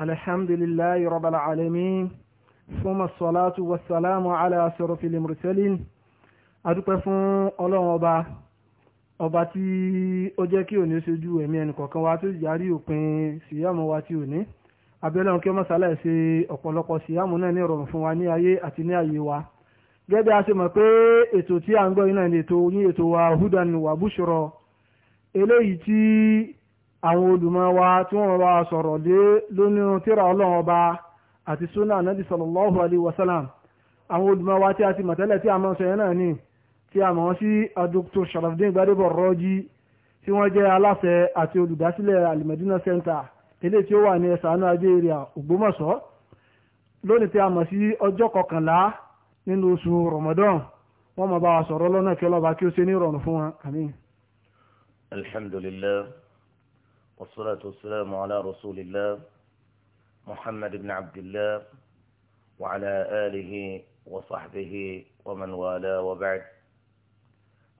الحمد لله رب العالمين ثم الصلاة والسلام على أشرف المرسلين adúpẹ́ fún ọlọ́run ọba ọba tí ó jẹ́ kí òní ṣojú ẹ̀mí ẹnìkọ̀ọ̀kan wa tó yàrí òpin síyàmù wa ti òní abẹ́lẹ́hùn kí ọmọ sálẹ̀ ṣe ọ̀pọ̀lọpọ̀ síyàmù náà ní ìrọ̀rùn fún wa ní ayé àti ní ayé wa gẹ́gẹ́ a ṣe mọ̀ pé ètò tí à ń gbọ́ yìí náà ní ètò ètò wa hudan wa bushra eléyìí tí àwọn olùmọ̀ wa tí wọ́n wá sọ̀rọ̀ dé lónìí tírà ọlọ́run ọba àti súnà anábì sallallahu alaihi àwọn olùmọ̀ wa tí a ti mọ̀tẹ́lẹ̀ tí a mọ̀ sọ náà ni tí a mọ̀ sí Dr. Sharafdin Gbadebo Rọ́jí tí wọ́n jẹ́ aláṣẹ àti olùdásílẹ̀ Al-Medina eléyìí tí ó wà ní ẹ̀sánú ajé èrè Ògbómọ̀ṣọ́ lónìí tí a mọ̀ sí ọjọ́ kọkànlá nínú oṣù Ramadan wọ́n máa bá wa sọ̀rọ̀ lọ́nà kí ọlọ́ba kí ó ṣe ní ìrọ̀rùn fún wa àmín. alhamdulillah والصلاة والسلام على رسول الله محمد بن عبد الله وعلى آله وصحبه ومن والاه وبعد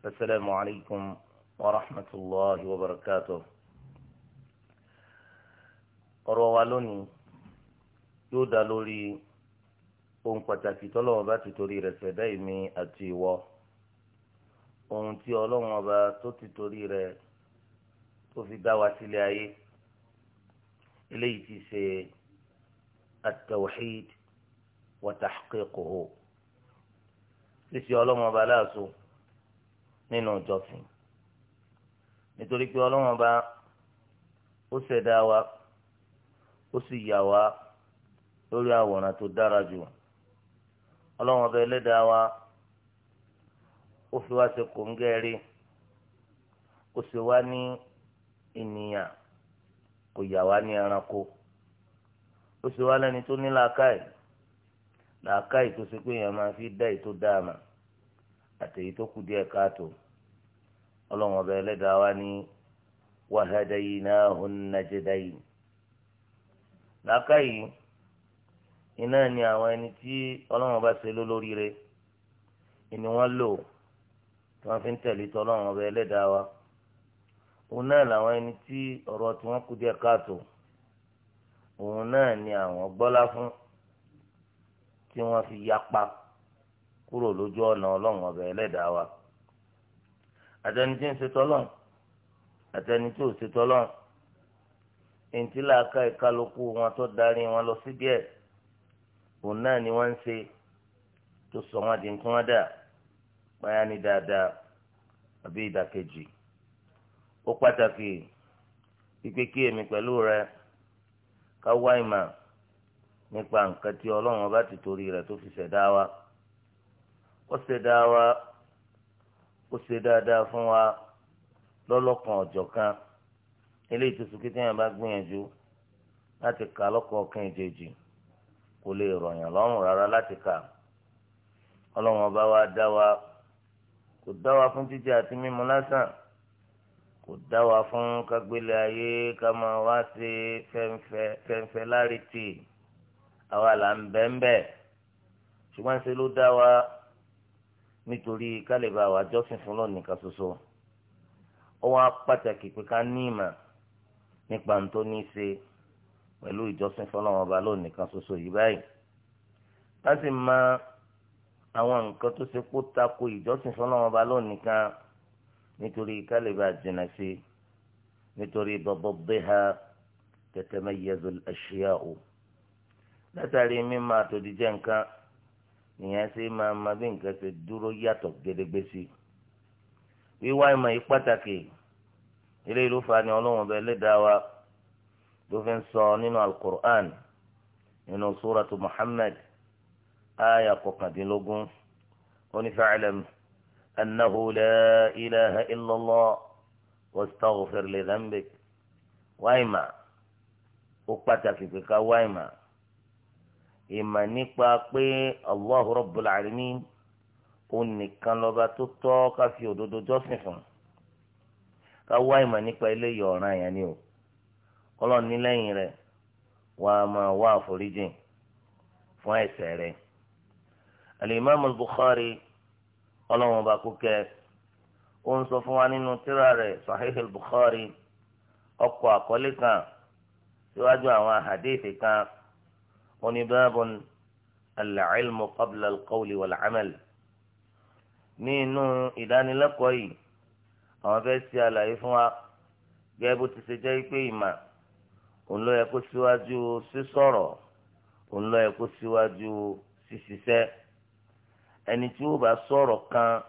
السلام عليكم ورحمة الله وبركاته ọ̀rọ̀ wa lónìí yóò dá lórí ohun pàtàkì tọ́lọ́wọ́n bá ti torí rẹ̀ ṣẹ̀dá èmi àti tó fi dá wa sílé ayé eléyìí ti ṣe at-tawhid wa tahqiquhu ṣíṣe ọlọ́mọba láàṣọ nínú ìjọsìn nítorí pé ọlọ́mọba ó ṣẹ̀dá wa ó sì yà wá lórí àwòrán tó dára jù ọlọ́mọba ẹlẹ́dàá wa ó fi wá ṣe kòńgẹ́rì ó sì wá ní ènìyàn kò yà wá ní ẹranko ó ṣe wá lẹni tó ní làákàyè làákàyè tó ṣe pé èèyàn máa fi dá èyí tó dáa mà tó kù díẹ káàtó ọlọ́run ọba ẹlẹ́dàá wá ní wahadaynahu najdayn làákàyè iná ni àwọn ẹni tí ọlọ́run ọba ṣe lólóríire ni lò tí fi ń tẹ̀lé tọ́lọ́run ọba ẹlẹ́dàá òun náà làwọn ẹni tí ọ̀rọ̀ tí wọ́n kú díẹ̀ káàtó òun náà ni àwọn gbọ́lá fún tí wọ́n fi yapa kúrò lójú ọ̀nà ọlọ́run ọ̀bẹ ẹlẹ́dàá wa àtẹni tí ń ṣe tọ́lọ́n àtẹni tí ò ṣe tọ́lọ́n èntì làákà ìkálukú wọn tó darí wọn lọ sí díẹ̀ òun náà ni wọ́n ń ṣe tó sọ wọn di nǹkan wọn dà báyà ní dáadáa àbí ìdàkejì. ó pàtàkì pípé emi èmi pẹ̀lú rẹ ká wá ìmọ̀ nípa nǹkan tí ọlọ́run ọba ti torí tó fi ṣẹ̀dá wa ó ṣẹ̀dá wa ó ṣe dáadáa fún wa lọ́lọ́kan ọ̀jọ̀kan eléyìí tó sùn kékeré bá gbìyànjú láti kà lọ́kọ̀ọ̀kan ìjèjì kò lè rọ̀yàn lọ́rùn rárá láti kà ọlọ́run ọba wa dá wa kò dá wa fún jíjẹ àti mímu lásán. kò dá wa fún kágbélé ayé ká máa wá sí fẹ́ǹfẹ́ láàrìtì àwa là ń bẹ́ńbẹ́ ṣùgbọ́n ṣe ló dá wa nítorí kálíbà wa jọ́sìn fún lọ́nà nìkan ṣoṣo ó wá pàtàkì pé ká ní ìmọ̀ nípa ohun tó ní í ṣe pẹ̀lú ìjọsìn fọlọ́wọn ọba lónìí nìkan ṣoṣo yìí báyìí láti mọ àwọn nǹkan tó ṣe kó tako ìjọsìn fọlọ́wọn ọba lónìí nìkan nítorí kálíbà jìnnà sí nítorí bàbá bíhá tatamayyazu al-ashya'u látàrí mímọ̀ àtòdìjẹ́ nǹkan ìyẹn sì máa ma bí nǹkan ṣe dúró yàtọ̀ gédégbé sí wíwá ìmọ̀ yìí pàtàkì ilé ìlú fani ọlọ́wọ́n bẹ lẹ́dàá wa ló fi ń sọ nínú al nínú suratu Muhammad aya kọkàndínlógún onífẹ́ àlẹ́mù. أنه لا إله إلا الله واستغفر لذنبك وايما وقتك بك وايما ìmọ̀ nípa pé allahu rabbul alamin òun nìkan lọ́ba tó tọ́ ká fi òdodo jọ́sìn fún ká wá ìmọ̀ nípa eléyìí ọ̀ràn yẹn ni o ọlọ́run ní lẹ́yìn rẹ̀ wà á máa wá àforíjìn fún ẹ̀ṣẹ̀ rẹ̀ al-imam al-bukhari ọlọ́run ọba kò kẹ́ ó ń sọ fún wa nínú tírà rẹ̀ sahihil bukhari ọkọ̀ àkọlé kan síwájú àwọn àhàdéèfé kan oníbàbọ̀n al-ilmu qabla al-qawli wal-amal ní inú ìdánilẹ́kọ̀ọ́ yìí àwọn fẹ́ ṣe àlàyé fún wa gẹ́gẹ́ bó ti ṣe jẹ́ pé ìmà òun ló yẹ kó síwájú sísọ̀rọ̀ òun ló yẹ kó síwájú síṣiṣẹ́. Si ẹni tí ó bá sọ̀rọ̀ kan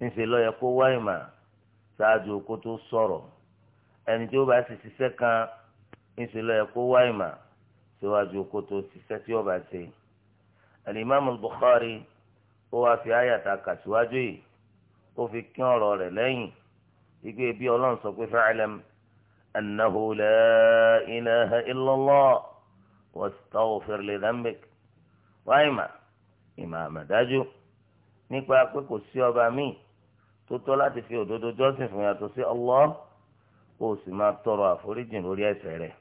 níṣẹ́ ló yẹ kó wá ìmọ̀ ṣáájú kó tó sọ̀rọ̀ ẹni tí ó bá sì ṣiṣẹ́ kan níṣẹ́ ló yẹ kó wá ìmọ̀ síwájú kó tó ṣiṣẹ́ tí ó bá ṣe. alimami Bukhari ó wá fi àyàtà kà síwájú yìí ó fi kín ọ̀rọ̀ rẹ̀ lẹ́yìn igbe bí ọlọ́run sọ pé fa'lam annahu la ilaha illallah wastaghfir li dhanbik wáyìmọ̀. ìmọ̀ àmọ̀dájú nípa pé kò sí ọba míì tó tọ́ láti fi òdodo jọ́sìn fún yàtọ̀ sí Allah kó o sì máa tọrọ àforíjìn lórí ẹ̀ṣẹ̀ rẹ̀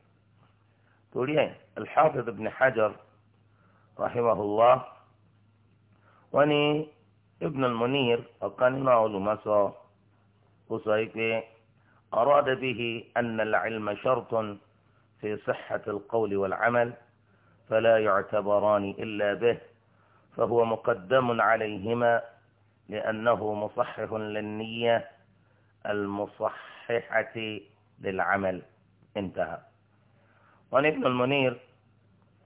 torí ẹ̀ al-Hafiz ibn Hajar rahimahullah wọ́n ní ibn al-Munir ọ̀kan nínú àwọn olùmọ̀sọ ó sọ yìí pé arada bihi anna al-ilma shartun fi sihhati al-qawli wal-amal fala ni ile bee فهو مقدم عليهما لأنه مصحح للنية المصححة للعمل انتهى وعن ابن المنير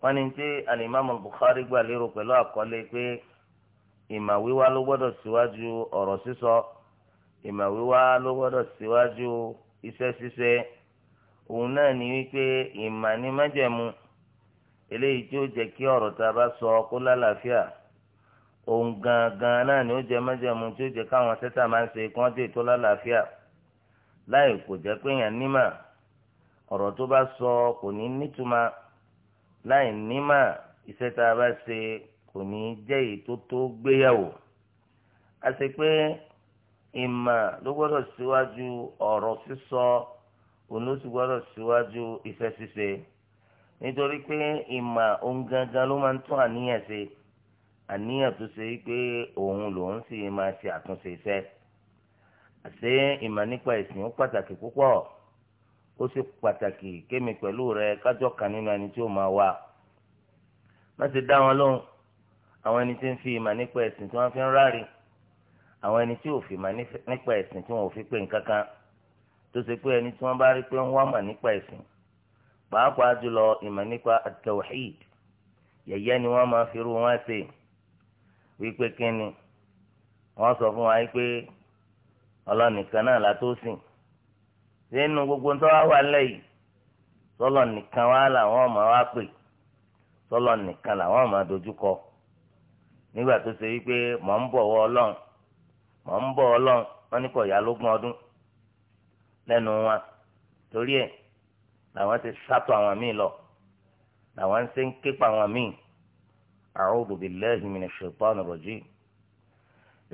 wọ́n ní tí alimami Bukhari gbà lérò pẹ̀lú àkọlé pé ìmọ̀ wíwá ló gbọ́dọ̀ síwájú ọ̀rọ̀ sísọ ìmọ̀ wíwá ló gbọ́dọ̀ síwájú iṣẹ́ ṣíṣe òun náà ní wípé ìmọ̀ ní májẹ̀mú eléyìí tí ó jẹ́ kí ọ̀rọ̀ tá a bá sọ kó lálàáfíà òun gangan náà ni ó jẹ mẹjẹmu tí ó jẹ káwọn sẹta máa ń ṣe kí wọn dé tó lálàáfíà láì kò jẹ pé èèyàn nímà tó bá sọ kò ní nítumà láì nímà iṣẹ́ tá a bá ṣe kò ní to èyí tó tó gbéyàwó a ṣe pé ìmà ló gbọ́dọ̀ síwájú ọ̀rọ̀ sísọ òun ló sì gbọ́dọ̀ síwájú n'itori ṣíṣe nítorí pé ìmà òun gangan ló máa ń tún àníyàn ṣe. àníyàn tó ṣe pé òun lòun sì máa ṣe àtúnṣe iṣẹ́ àṣé ìmọ̀ nípa ìsìn ó pàtàkì púpọ̀ ó sì pàtàkì kémi pẹ̀lú rẹ kájọ́ kan nínú ẹni tí ó máa wà má ṣe dá wọn lóhùn àwọn ẹni tí ń fi ìmọ̀ nípa ẹ̀sìn tí wọ́n fi ń ráre àwọn ẹni tí ò fi ìmọ̀ nípa ẹ̀sìn tí wọ́n ò fi pè nǹkan kan tó ṣe pé ẹni tí wọ́n bá rí pé ń wá mọ̀ nípa ẹ̀sìn pàápàá jùlọ ìmọ̀ nípa at-tawhid yẹ̀yẹ́ ni wọ́n máa fi rú wọn ṣe wípé kínni wọ́n sọ fún wa wípé ọlọ́nìkan náà la tó sìn sínú gbogbo ń tọ́wá wà lẹ́ yìí sọlọ́ nìkan wá làwọn ọmọ wa pè sọlọ́ nìkan làwọn ọmọ dojúkọ nígbà tó ṣe wípé mọ̀ ń bọ̀ wọ ọlọ́run mọ̀ ń bọ̀ ọlọ́run wọ́n ní kò yá lógún ọdún lẹ́nu wa torí ẹ̀ làwọn ti sátọ̀ àwọn míì lọ làwọn ń ṣe ń képa àwọn míì a'udhu billahi minash shaitanir rajim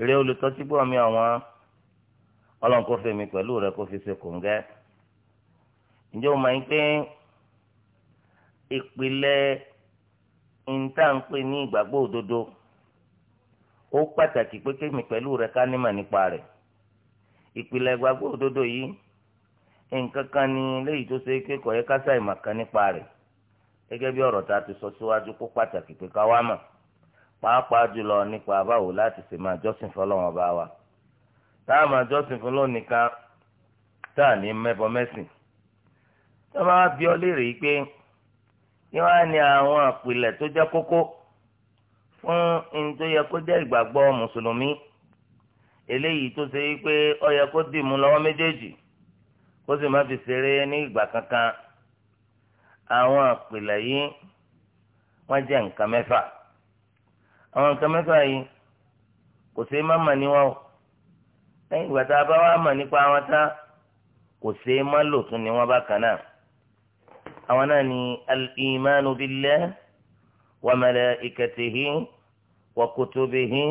eré olùtọ́sí gbọ́ mi àwọn ọlọ́run kò fẹ́ mi pẹ̀lú rẹ kó fi ṣe ge. ǹjẹ́ o máa ń pé ìpìlẹ̀ ó pàtàkì pé kémi pẹ̀lú rẹ ká nímọ̀ nípa rẹ̀ ìpìlẹ̀ ìgbàgbọ́ òdodo yìí nǹkan kan ni léyìí tó ṣe yẹ ká kan nípa rẹ̀ gẹ́gẹ́ bí ọ̀rọ̀ tá a ti sọ síwájú kó pàtàkì pé ká wá mọ̀ pàápàá jùlọ nípa báwo láti ṣe máa jọ́sìn fọlọ́wọ́n bá wa tá a máa jọ́sìn fún lónìí kan tá a ní mẹ́bọ mẹ́sìn tó máa bí ọ léèrè yìí pé kí wọ́n á ní àwọn àpilẹ̀ tó jẹ́ kókó fún ẹni tó yẹ kó jẹ́ ìgbàgbọ́ mùsùlùmí eléyìí tó ṣe wípé ó yẹ kó dìmú lọ́wọ́ méjèèjì kó sì má fi ṣeré ní ìgbà kankan àwọn àpìlẹ̀ yìí wọ́n jẹ́ nǹkan mẹ́fà àwọn nǹkan mẹ́fà yìí kò sí má mà níwọ̀n o lẹ́yìn ìgbà tá a bá wá mà nípa àwọn tá kò sí má lò tún ni wọ́n bá kàn náà àwọn náà ni al-imanu billah wa malaikatihi wa kutubihi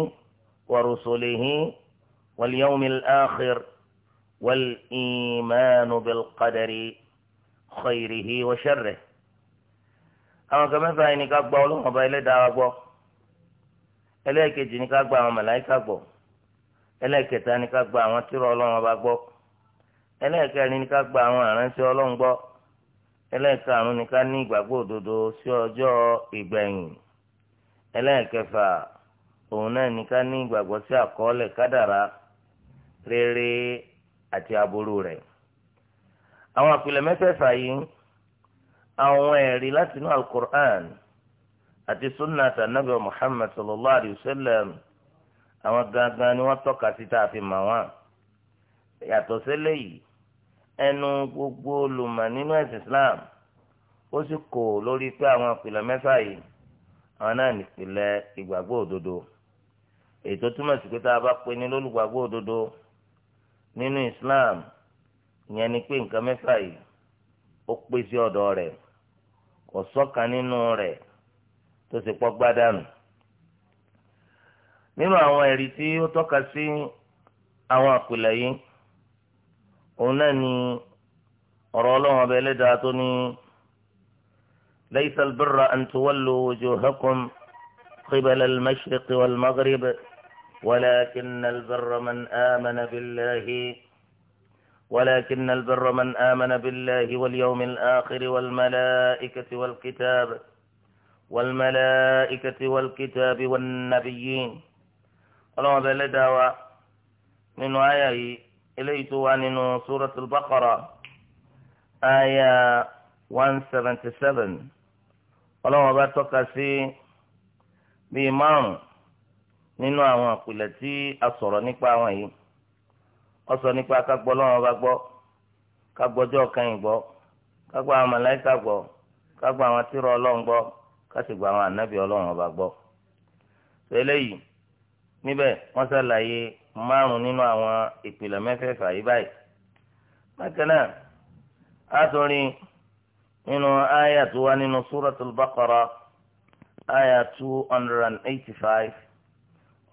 wa rusulihi wal yawmil akhir wal imanu bil qadari khayrihi wa sharrihi àwọn kan mẹ́fà yìí ni ká gbọ́ ọlọ́run ọba ẹlẹ́dàá wa gbọ́ ẹlẹ́ẹ̀kejì ni ká gba àwọn màláìka gbọ́ ẹlẹ́ẹ̀kẹta ni ká gba àwọn tírà ọlọ́run ọba gbọ́ ẹlẹ́ẹ̀kẹrin ni ká gba àwọn àránṣẹ́ ọlọ́run gbọ́ ẹlẹ́ẹ̀karùn ni ká ní ìgbàgbọ́ òdodo sí ọjọ́ ìgbẹ̀yìn ẹlẹ́ẹ̀kẹfà òun náà ni ká ní ìgbàgbọ́ sí àkọọ́lẹ̀ kádàrá rere àti aburú rẹ̀ àwọn àpilẹ̀ mẹ́fẹ̀ẹ̀fà yìí àwọn ẹ̀rí láti inú alukur'an àti sunna tànàbí muhammad sallallahu alayhi wa sallam àwọn gangan ni wọ́n tọ́ka sí tá a mà wọ́n. yàtọ̀ yìí ẹnu gbogbo olùmọ̀ nínú ẹ̀sìn islam ó sì kò lórí pé àwọn ìpìlẹ̀ mẹ́fà yìí àwọn náà ìgbàgbọ́ òdodo túmọ̀ sí pé tá a bá pe ní lólùgbàgbọ́ òdodo nínú islam ìyẹn ni pé nǹkan mẹ́fà yìí kò sọ́kà nínú rẹ̀ tó ti pọ́ gbádànù. nínú àwọn ẹ̀rí tí ó tọ́ka sí àwọn àpìlẹ̀ yìí òun náà ni ọ̀rọ̀ ọlọ́run ọba ẹlẹ́dàá tó ní laysal birra an tuwallu wujuhakum qibala al-mashriqi wal-maghribi walakinna al-birra man amana billahi. ولكن البر من آمن بالله واليوم الآخر والملائكة والكتاب والملائكة والكتاب والنبيين اللهم بل دعوة من آية إليت وأن سورة البقرة آية 177 اللهم ba في tọ́ka من آية márùn-ún nínú àwọn àpilẹ̀ wọ́n sọ nípa kágbọ́ lọ́wọ́ bá gbọ́ kágbọ́jọ́ kan ìgbọ́ kágbọ́ àwọn màláíkà gbọ́ kágbọ́ àwọn tírà gbọ gbọ́ kásìgbọ́ àwọn ànábì ọlọ́run ọba gbọ́. eléyìí níbẹ̀ wọ́n márùn nínú àwọn báyìí. a nínú àyà nínú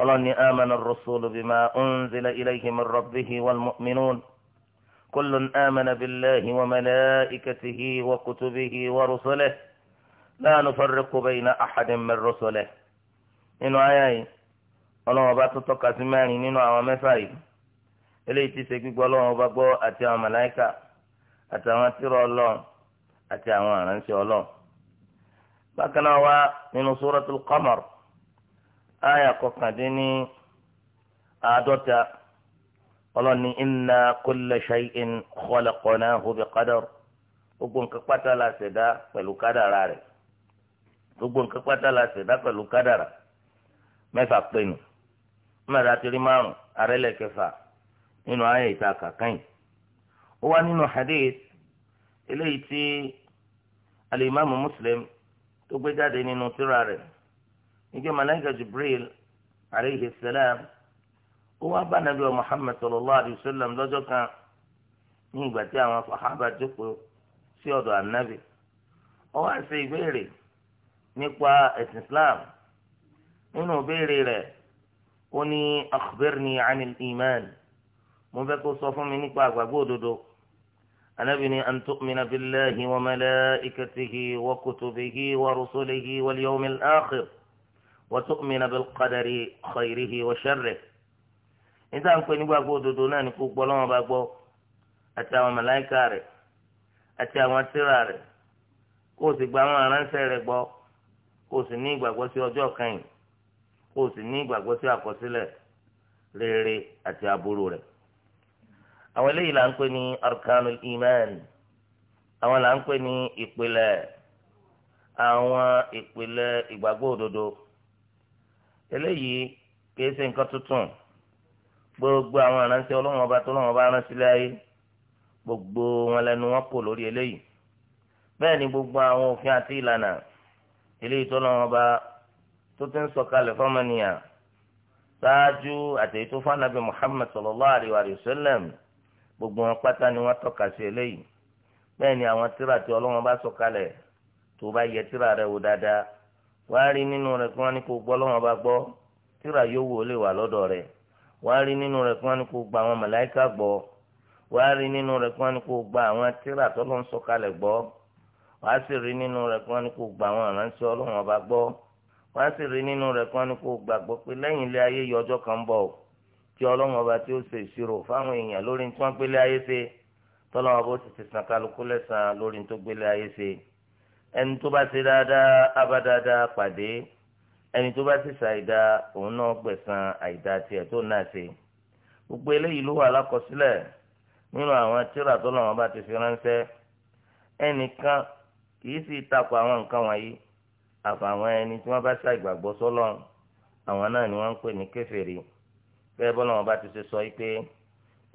اني آمن الرسول بما أنزل إليه من ربه والمؤمنون كل آمن بالله وملائكته وكتبه ورسله لا نفرق بين أحد من رسله إنه آيائي ولن أبات تقاسماني نينو عوامي فايد إليه تسيكي قولون أبابو أتيا ملائكة أتيا ماتير الله أتيا مانا إن شاء الله بكنا ومن سورة القمر aya kọkàndínní àádọ́ta ọlọ́ni inna kulla shay'in khalaqnahu bi qadar gbogbo nǹkan pátá la ṣẹ̀dá pẹ̀lú kádàrá rẹ̀ gbogbo nǹkan pátá la ṣẹ̀dá pẹ̀lú kádàrá mẹ́fà pinnu mẹ́ta tiri márùn arẹ́lẹ̀ kẹfà nínú ayé ìta kàkàn ó wá nínú hadith eléyìí tí alimami muslim tó gbé jáde nínú tírà rẹ̀ nígbà màláìka Jibril aleyhi salam ó wá bá nàbí wa Muhammad sallallahu alayhi wa sallam lọ́jọ́ kan ní ìgbà tí àwọn sàhábà jókòó sí ọ̀dọ̀ ànábì ó wá ṣe ìbéèrè nípa ẹ̀sìn Islam nínú ìbéèrè rẹ̀ ó ní akhbirni anil iman mo fẹ́ kó sọ fún mi nípa àgbàgbọ́ òdodo ànábì ní an tu'mina billahi wa malaikatihi wa kutubihi wa rusulihi wal yawmil akhir. وتؤمن بالقدر خيره وشره níta ń pè nígbàgbọ́ òdodo náà ní kó gbọ́lọ́wọ́n bá gbọ́ àti àwọn màláìka rẹ̀ àti àwọn tírà rẹ̀ kó o sì gba ní ìgbàgbọ́ sí ọjọ́ kẹyìn kó ní ìgbàgbọ́ sí àkọsílẹ̀ rere àti aburú rẹ̀. àwọn eléyìí là ń pè ní arkanul iman àwọn là ń pè ní ìpìlẹ̀ àwọn ìpìlẹ̀ ìgbàgbọ́ òdodo. eléyìí kìí ṣe nǹkan tuntun gbogbo àwọn aránṣẹ́ Ọlọ́run ọba tó Ọlọ́run ọba rán sílẹ̀ gbogbo wọn lẹnu wọn kò lórí eléyìí ni gbogbo àwọn òfin àti ìlànà eléyìí tó ọba tó ti ń sọ̀kalẹ̀ fọ́mọnìyà ṣáájú àtẹ̀yí tó fún sallallahu alaihi wa gbogbo wọn pátá ni wọn tọ́ka sí eléyìí ni àwọn tí ọba tó bá wàá rí nínú rẹ̀ kí wọ́n ní kó gbọ́ lọ́wọ́n bá gbọ́ tíra yóò wò ó lè wà lọ́dọ̀ rẹ̀ wàá rí nínú rẹ̀ kí wọ́n ní kó gba àwọn màláìka gbọ́ wàá rí nínú rẹ̀ kí wọ́n ní kó gba àwọn tíra tó ló ń sọ̀kalẹ̀ gbọ́ wàá sì rí nínú rẹ̀ kí wọ́n ní kó gba àwọn ìránṣẹ́ ọlọ́wọ́n bá gbọ́ wàá sì rí nínú rẹ̀ kí wọ́n ní kó gbàgbọ́ pé lẹ́yìn ilé ayé yọ ọjọ́ kan bọ̀ tí ọlọ́wọ́n bá tí ó ṣe ìṣirò fáwọn èèyàn lórí ẹni tó bá ṣe dáadáa abádáadáa pàdé ẹni tó bá sì ṣàìdá òun náà gbẹ̀san àìdá tiẹ̀ tó náà ṣe gbogbo eléyìí ló wà lákọsílẹ̀ nínú àwọn tírà tó lọ́wọ́ bá ti fi ránṣẹ́ ẹnìkan kìí sì takò àwọn nǹkan wọ̀nyí àfàwọn ẹni tí wọ́n bá ṣàìgbàgbọ́ sọ́lọ́run àwọn náà ni wọ́n ń pè ní kèfèrí bẹ́ẹ̀ bọ́lá wọn bá ti ṣe sọ yìí pé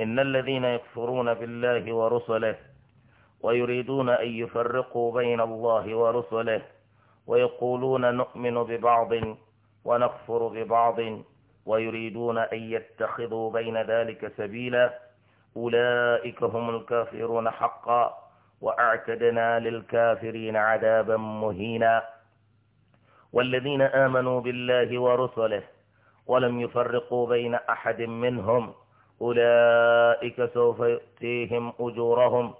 innal ladhina ويريدون أن يفرقوا بين الله ورسله ويقولون نؤمن ببعض ونكفر ببعض ويريدون أن يتخذوا بين ذلك سبيلا أولئك هم الكافرون حقا وأعتدنا للكافرين عذابا مهينا والذين آمنوا بالله ورسله ولم يفرقوا بين أحد منهم أولئك سوف يؤتيهم أجورهم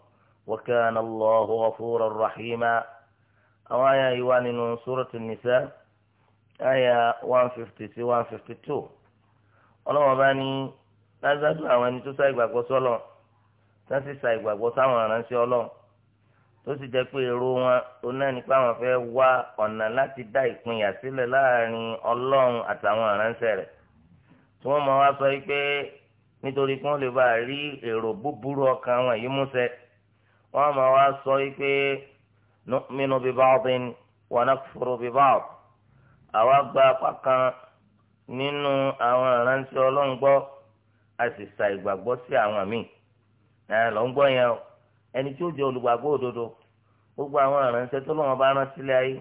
وكان الله غفورا رحيما أو آية يوان سورة النساء آية 152 ọlọ́wọ́n bá ní lázàdú àwọn ẹni tó sá ìgbàgbọ́ sọ́lọ̀ pé èrò wọn onáà nípa àwọn fẹ́ wá ọ̀nà láti dá ìpínyà sílẹ̀ láàrin ọlọ́run àtàwọn aránṣẹ́ rẹ̀ tí wọ́n mọ̀ wá sọ pé nítorí kí wọ́n lè bá rí èrò búburú ọkàn wọn yìí wọ́n máa wá sọ wípé nu'minu bi ba'din wa nakfuru bi àwa gba apá kan nínú àwọn ìránṣẹ́ ọlọ́run a sì sa ìgbàgbọ́ sí àwọn míì ẹ̀ yẹn o ẹni tí ó jẹ́ olùgbàgbọ́ òdodo gbogbo àwọn ìránṣẹ́ tó bá rán sílẹ̀ ayé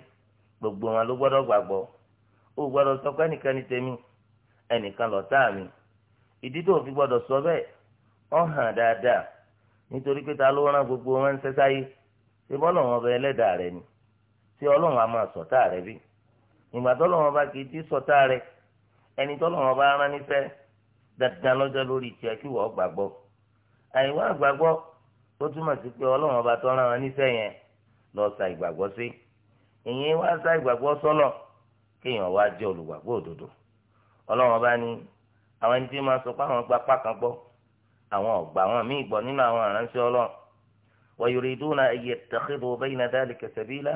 gbogbo wọn ló gbọ́dọ̀ gbàgbọ́ ó gbọ́dọ̀ sọ pé ẹnìkan ní tèmi ẹnìkan lọ́tà mi nítorí pé ta ló rán gbogbo wọn ń sẹ́sá yìí ṣé bọ́lọ̀ wọn bẹ ẹlẹ́dàá rẹ ni ṣé ọlọ́run á máa sọ̀tá rẹ bí ìgbà tọ́lọ̀ wọn bá kì í ti sọ̀tá rẹ ẹni tọ́lọ̀ wọn bá rán níṣẹ́ dandan lọ́jọ́ lórí tiẹ̀ kí wọ́n gbàgbọ́ àìwá àgbàgbọ́ ó túmọ̀ sí pé ọlọ́run ọba tọ́ran wọn níṣẹ́ yẹn lọ sa ìgbàgbọ́ sí ìyẹn wá sa ìgbàgbọ́ sọ́lọ̀ kéèyàn wá jẹ́ olùgbàgbọ́ àwọn ọ̀gbà àwọn míì gbọ́ nínú àwọn aránṣẹ́ ọlọ́run wa yuriduna an yattakhidhu bayna dhalika sabila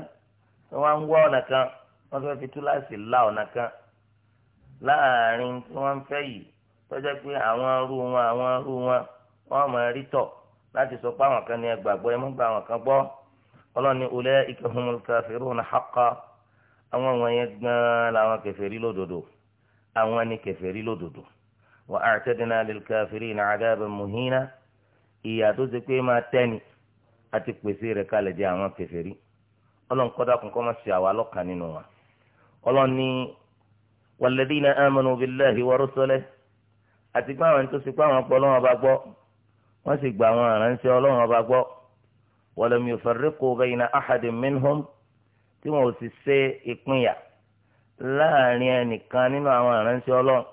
wọ́n ń wá ọ̀nà kan wọ́n fẹ́ fi túláàsì la ọ̀nà kan láàrin tí wọ́n fẹ́ yìí tọ́jà pé àwọn arú wọn àwọn arú wọn wọ́n máa rí tọ̀ láti sọ pé àwọn kan ní ẹgbàgbọ́ ẹ má gba àwọn kan gbọ́ ọlọ́ni ulaika humul kafiruna haqqan àwọn wọ̀nyẹn gan-an làwọn kèfèrí lódodo àwọn ni kèfèrí lódodo wa a'tadna lil kafirina adaban muhina ìyà tó ṣe pé máa tẹ́ni àti pèsè rẹ̀ kalẹ̀ jẹ́ àwọn kèfèrí ọlọ́run kọ́dá kún kọ́ máa ṣe àwa lọ́kàn nínú wa ọlọ́run ní walladhina amanu billahi wa rusulihi àti pé àwọn tó ṣe pé àwọn gbọ́ ọlọ́run ọba gbọ́ wọ́n sì gba àwọn àránṣẹ́ ọlọ́run ọba gbọ́ walam yufarriqu bayna ahadin minhum tí wọ́n ò sì ṣe ìpínyà láàrin ẹnìkan nínú àwọn àránṣẹ́ ọlọ́run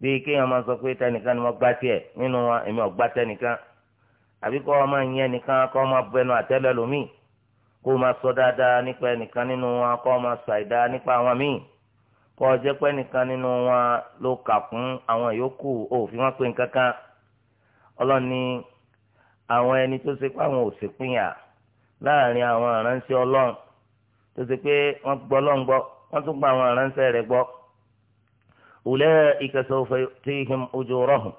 bíi kéèyàn máa sọ pé tẹnìkan ni mo gbá tiẹ̀ nínú wọn èmi ò gbá tẹnìkan àbí kọ́ máa yẹn nìkan kọ́ máa bẹnu àtẹ́lẹ̀ lómi kó máa sọ dáadáa nípa ẹnìkan nínú wọn kọ́ máa sọ àìdá nípa àwọn míì kọ́ jẹ́ pé nìkan nínú wọn ló kà fún àwọn yòókù òfin wọn pé nǹkan kan ọlọ́ni àwọn ẹni tó ṣe pé àwọn ò sì pínyà láàrin àwọn aránṣẹ́ ọlọ́run tó ṣe pé wọ́n gbọ́ ọlọ́run gbọ́ wọ́n tún gba àwọn aránṣẹ́ rẹ̀ gbọ́ ulaika sawfa yu'tihim ujurahum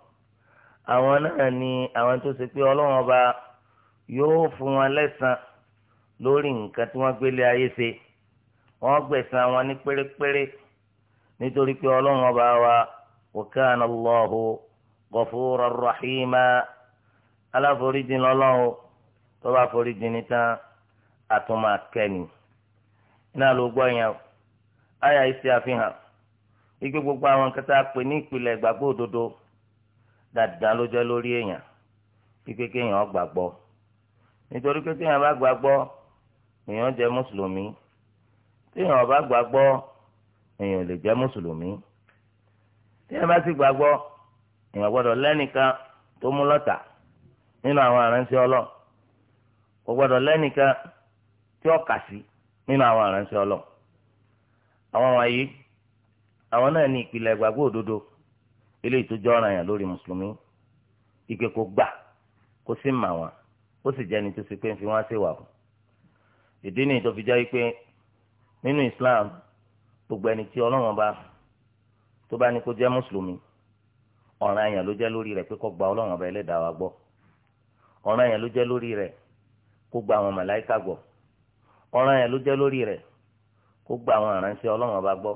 àwọn náà ni àwọn tó ṣe pé ọlọ́wọ́n bá yóò fún wọn lẹ́san lórí nǹkan tí wọ́n gbélé ayé ṣe wọ́n gbẹ̀san wọn ní pérépéré nítorí pé ọlọ́wọ́n bá wa wa kana Allahu ghafuran rahima aláforíjì lọ́lọ́wọ́ tó bá foríjì ní tán àtúmọ̀ akẹ́ni náà ló gbọ́ yẹn o àyà ìṣe àfihàn. igbe gbogbo àwọn nkata pè ní ìpìlẹ̀ ìgbàgbọ́ òdodo dáadáa ló jẹ́ lórí èèyàn pípé kéèyàn gbàgbọ́ nítorí pé téèyàn bá gbàgbọ́ èèyàn jẹ́ mùsùlùmí téèyàn bá gbàgbọ́ èèyàn lè jẹ́ mùsùlùmí téèyàn bá sì gbàgbọ́ èèyàn gbọ́dọ̀ lẹ́nìkan tó mú lọ́tà nínú àwọn ọlọ́ kò gbọ́dọ̀ lẹ́nìkan tí ó kà sí nínú àwọn àwọn náà ní ìpìlẹ̀ ìgbàgbọ́ òdodo eléyìí tó ọ̀ràn yàn lórí mùsùlùmí ike kó gbà kó sì mà wọn ó sì jẹ́ni tó ṣe pé ń fi wọ́n ṣèwà o ìdí nìyí tó fi jẹ́ pé nínú Islam gbogbo ẹni tí Ọlọ́run bá tó bá ní kó jẹ́ mùsùlùmí ọ̀ràn yàn ló jẹ́ lórí rẹ̀ pé kó gba Ọlọ́run ọba ẹlẹ́dàá wa gbọ́ ọ̀ràn yẹn ló jẹ́ lórí rẹ̀ kó gba àwọn màláìka gbọ́ ọ̀ràn yẹn ló jẹ́ lórí rẹ̀ kó gba àwọn àránṣẹ́ ọlọ́run ọba gbọ́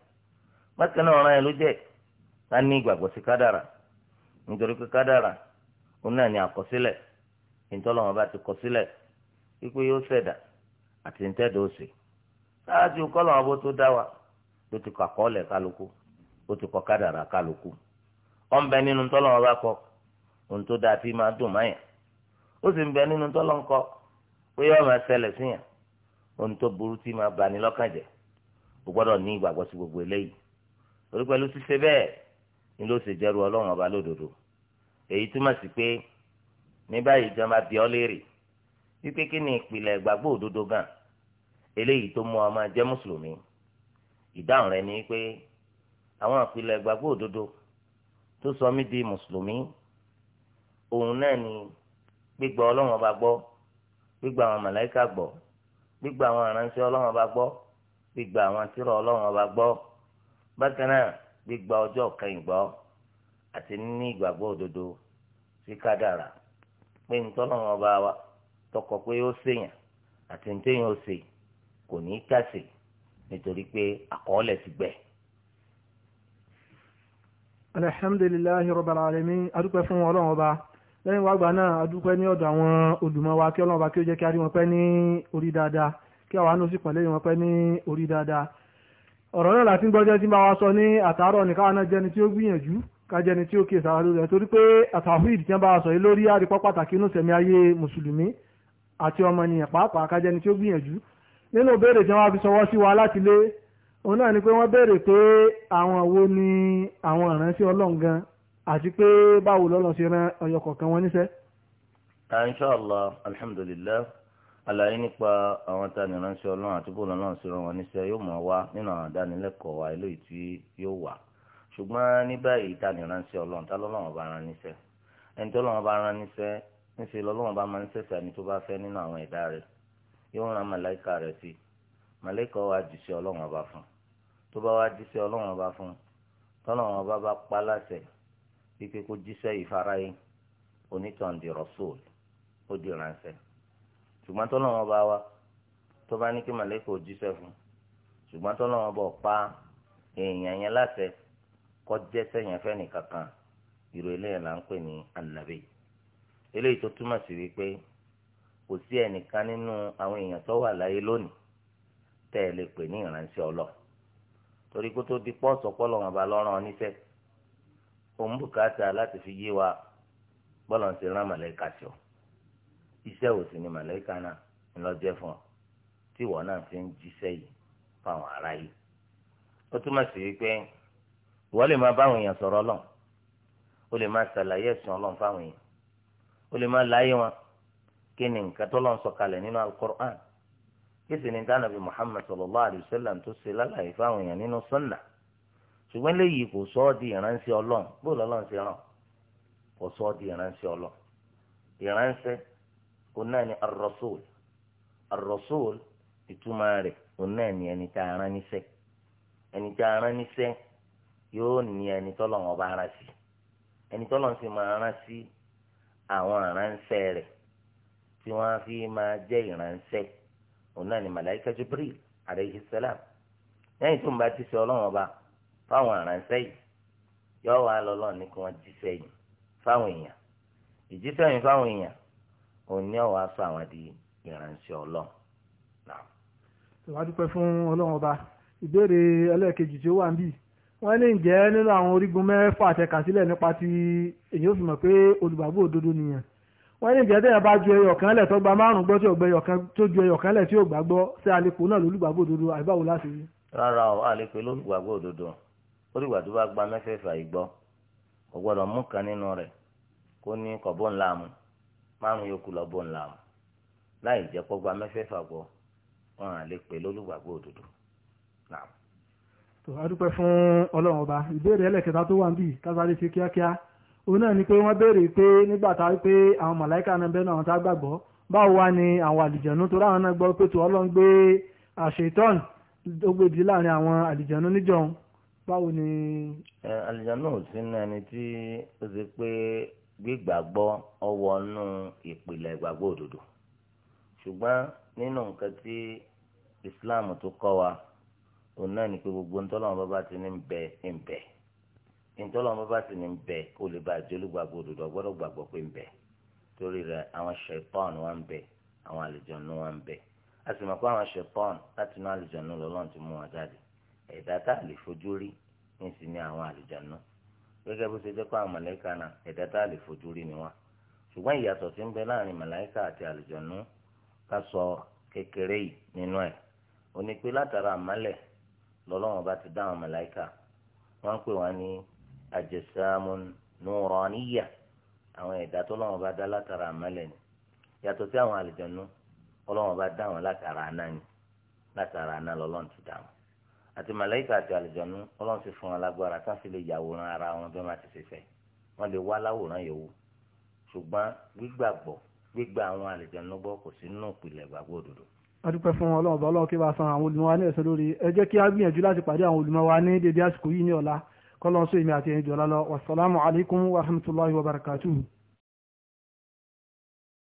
bákan náà ọ̀ràn yẹn ló jẹ́ ká ní ìgbàgbọ́ sí kádàrà nítorí pé kádàrà òun náà àkọsílẹ̀ ìtọ́lọ́wọ́n bá ti kọ sílẹ̀ wípé yóò ṣẹ̀dá àti ntẹ́dọ̀ òsè sáájú kọ́lọ́wọ́n bó tó dá wa ló ti kọ àkọọ́lẹ̀ kálukú ó ti kọ kádàrà kálukú ọ̀n bẹ nínú tọ́lọ́wọ́n bá kọ ohun tó dáa fi máa dùn máyà ó sì nínú pé yóò máa ṣẹlẹ̀ síyàn ohun tó burú tí máa bani lọ́kàn jẹ́ gbọ́dọ̀ ní torí pẹ̀lú ṣíṣe bẹ́ẹ̀ ni ló ṣe jẹ́rú ọlọ́run ọba lódodo èyí túmọ̀ sí pé ní báyìí jọba bí ọ léèrè wípé kí ni ìpìlẹ̀ ìgbàgbọ́ òdodo gan eléyìí tó mú ọ máa jẹ́ mùsùlùmí ìdáhùn rẹ ni pé àwọn ìpìlẹ̀ ìgbàgbọ́ òdodo tó sọ mí di mùsùlùmí òun náà ni gbígbà ọlọ́run ọba gbọ́ gbígbà àwọn màláìka gbọ́ gbígbà àwọn aránṣẹ́ ọlọ́run ọba gbọ́ gbígbà àwọn tírà ọlọ́run ọba gbọ́ bákan náà gbígba ọjọ́ kẹyìn gbọ́ àti ní ìgbàgbọ́ òdodo sí kádàrà pé ntọ́lọ́wọ́n bá wa tọkọ pé ó ṣèyàn àti ntẹ́yìn ó ṣe kò ní í kásì nítorí pé àkọọ́lẹ̀ ti gbẹ. alhamdulillahi rabbil alamin adúpẹ́ fún ọlọ́run ọba lẹ́yìn wàgbà náà adúpẹ́ ní ọ̀dọ̀ àwọn olùmọ̀ wa kí ọlọ́run ọba kí ó jẹ́ kí a rí wọn pẹ́ ní orí dáadáa kí àwa náà sì pàlẹ́ wọn pẹ́ ní orí dáadáa ọ̀rọ̀ náà láti gbọ́jọ́ tí máa wá sọ ní àtàárọ̀ nìkan náà jẹni tí ó gbìyànjú kájẹni tí ó kè sára lórí ẹ̀ torí pé àtàwíìdì tí wọ́n bá wá sọ yìí lórí àrípọ́ pàtàkì inú sẹ̀mí ayé mùsùlùmí àti ọmọnìyàn pàápàá kájẹni tí ó gbìyànjú nínú ìbéèrè tí wọ́n fi sọwọ́ sí wa láti lé òun náà ni pé wọ́n béèrè pé àwọn wo ni àwọn ìránṣẹ́ ọlọ́run gan àti pé báwo lọ́lọ́ ṣe ran ọyọkọ̀ọ̀kan wọn níṣẹ́. inshallah alhamdulillah àlàyé nípa àwọn tani ránṣẹ́ Ọlọ́run àti bóòlù Ọlọ́run sí wọn níṣẹ́ yóò mọ wá nínú àwọn ìdánilẹ́kọ̀ọ́ wa eléyìí tí yóò wà ṣùgbọ́n ní báyìí tani ránṣẹ́ Ọlọ́run tá lọ́lọ́run bá rán níṣẹ́ ẹni tó lọ́run bá rán níṣẹ́ níṣẹ́ lọ́lọ́run bá máa ń ṣẹ̀ṣẹ̀ ẹni tó bá fẹ́ nínú àwọn ẹ̀dá rẹ̀ yóò rán màláìka rẹ̀ sí màláìka wa jíṣẹ́ Ọlọ́run ọba fún tó bá wá jíṣẹ́ Ọlọ́run ọba fún tọ́lọ́run ọba bá pa láṣẹ pípé kó jíṣẹ́ ìfarayé onítàn di rọ́sọ́ọ̀lù ó di ránṣẹ́ ṣùgbọ́n tó lọ́wọ́ bá wa tó bá ní kí màlẹ́kà òjíṣẹ́ fún ṣùgbọ́n tó bọ̀ pa èèyàn yẹn láṣẹ kó jẹ́ sẹ́yìn fẹ́ni kankan ìrò eléyàn là ń pè ní ànàbì eléyìí tó túmọ̀ sí wípé kò sí ẹnìkan nínú àwọn èèyàn tó wà láyé lónìí tẹ́ ẹ lè pè ní ìránṣẹ́ ọlọ́ torí kó tó fi yé wa bọ́lọ̀ ń ṣe rán màlẹ́kà sí iṣẹ́ òsì ni màlẹ́kà náà ńlọ́jẹ́ fún ọ tí ìwọ náà fi ń jíṣẹ́ yìí fáwọn ará yìí ó túmọ̀ sí wípé ìwọ lè máa báwọn èèyàn sọ̀rọ̀ ọlọ́run ó lè máa ṣàlàyé ẹ̀sìn ọlọ́run fáwọn èèyàn ó lè máa láyé wọn kí ni nǹkan tó lọ́n sọ̀kalẹ̀ nínú alukur'an kí sì ni dáná bí muhammad sallallahu alayhi tó ṣe lálàyé fáwọn èèyàn nínú sunna ṣùgbọ́n léyìí kò sọ ọ́ di ìránṣẹ́ ọlọ́run bó lọ́lọ́run ṣe ràn kò sọ ọ́ di ìránṣẹ́ ọlọ́run ìránṣẹ́ òun náà ni ar-rasul ar-rasul ìtumọ̀ rẹ̀ òun náà ni ẹni tá a rán níṣẹ́ ẹni tá a rán níṣẹ́ yóò ní ẹni tọ́lọ̀ wọn bá rán sí ẹni tọ́lọ̀ sì máa rán sí àwọn aránṣẹ́ rẹ̀ tí wọ́n fi máa jẹ́ ìránṣẹ́ òun náà ni màláíkà Jibril alayhi salam tó ń bá ti ṣe ọlọ́run ọba fáwọn aránṣẹ́ yìí yọ wà lọ́lọ́run ní kí wọ́n jíṣẹ́ yìí fáwọn èèyàn ìjíṣẹ́ yìí fáwọn èèyàn òní ọ̀wá sọ àwọn di ìránṣẹ́ ọlọ́run náà. ìwà dúpẹ́ fún ọlọ́run ọba ìbéèrè ẹlẹ́ẹ̀kejì tí ó wà ń bì wọ́n ní ǹjẹ́ nínú àwọn orígun mẹ́fà àtẹ̀kàsílẹ̀ nípa ti èyí ó fi mọ̀ pé olùgbàgbọ́ òdodo nìyẹn wọ́n ní ǹjẹ́ tẹ̀yàn bá ju ẹyọ kan lẹ̀ tó gba márùn-ún gbọ́ tí ò gbẹ ẹyọ kan tó ju ẹyọ kan lẹ̀ tí ò gbàgbọ́ sí àlepò náà lólùgbàgbọ́ òdodo àìbáwo láti rí. rárá o àlepò lólùgbàgbọ́ òdodo olùgbà tó bá gba mẹ́fẹ̀ẹ̀fà ìgbọ́ kò gbọ́dọ̀ mú kan nínú rẹ̀ kó ní kọ̀bọ́n láàmú márùn yòókù lọ́bọ̀ ńlá o láì jẹ́ kó gba mẹ́fẹ̀ẹ̀fà gbọ́ wọn à lè pè lólùgbàgbọ́ òdodo. tó a dúpẹ́ fún ọlọ́run ọba ìbéèrè ẹlẹ́kẹta tó wà ń bì kásáré ṣe kíákíá òun náà ni pé wọ́n béèrè pé nígbà tá a pé àwọn màláìka náà bẹ́ẹ̀ náà àwọn tá a gbàgbọ́ báwo wá ni àwọn àlìjẹ̀nu tó ráwọn náà gbọ́ pé tó ọlọ́run gbé àṣetán ó gbèdì láàrin àwọn àlìjẹ̀nu níjọun báwo ni. àlìjẹ̀nu ò sí ní ẹni tí ó ti pé gbígbàgbọ́ ọwọ́ nú ìpìlẹ̀ ìgbàgbọ́ òdodo ṣùgbọ́n nínú nǹkan tí Islam tó kọ́ wa òun náà ni pé gbogbo ntọ́lọ́wọ́n bá bá ti ní bẹ ń bẹ ntọ́lọ́wọ́n bá bá ti ní bẹ kó lè bá àjọ olùgbàgbọ́ òdodo ọgbọ́dọ̀ gbàgbọ́ pé ń bẹ torí rẹ àwọn ṣẹ̀pọ́n wa ń bẹ àwọn àlùjọ̀nù wa ń bẹ a sì mọ̀ pé àwọn ṣẹ̀pọ́n láti inú àlùjọ̀nù lọ́lọ́run ti mú wọn jáde ẹ̀dá tá a lè fojú rí ní sì ní àwọn àlùjọ̀nù gẹ́gẹ́ bó ṣe jẹ́ pé àwọn ịdata náà ẹ̀dá tá a lè fojú rí ni wọn ṣùgbọ́n ìyàtọ̀ tí ń bẹ láàrin màláíkà àti àlùjọ̀nú ká sọ kékeré yìí nínú ẹ̀ ó ní pé látara àmálẹ̀ lọ́lọ́wọ́n bá ti dá àwọn màláíkà wọ́n ń pè wọ́n ní àjẹsàmùn nùrọ̀níyà àwọn ẹ̀dá tó lọ́wọ́n bá dá látara ni sí àwọn àlùjọ̀nú ọlọ́wọ́n bá dá wọn látara àná ni látara àná àti màláìkà àti àlùjọ̀nú ọlọ́run ti fún wọn lágbára tá a fi lè yàwòrán ara wọn bí wọ́n ti ṣe fẹ́ wọ́n lè wá láwòrán yòówù ṣùgbọ́n gbígbàgbọ́ gbígbà àwọn àlùjọ̀nú gbọ́ kò sí nínú ìpìlẹ̀ ìgbàgbọ́ òdodo. a dúpẹ́ fún ọlọ́run ọba ọlọ́run kí wàá san àwọn olùmọ̀ wa ní ẹ̀sọ́ lórí ẹ jẹ́ kí a gbìyànjú láti pàdé àwọn olùmọ̀ wa ní dédé àsìkò yìí ní ọ̀la kọ́lọ́ọ̀sọ èmi àti ẹ̀yìn jọ̀lá lọ wàsálàmù alaykum wa rahmatulahi wa barakatuhu.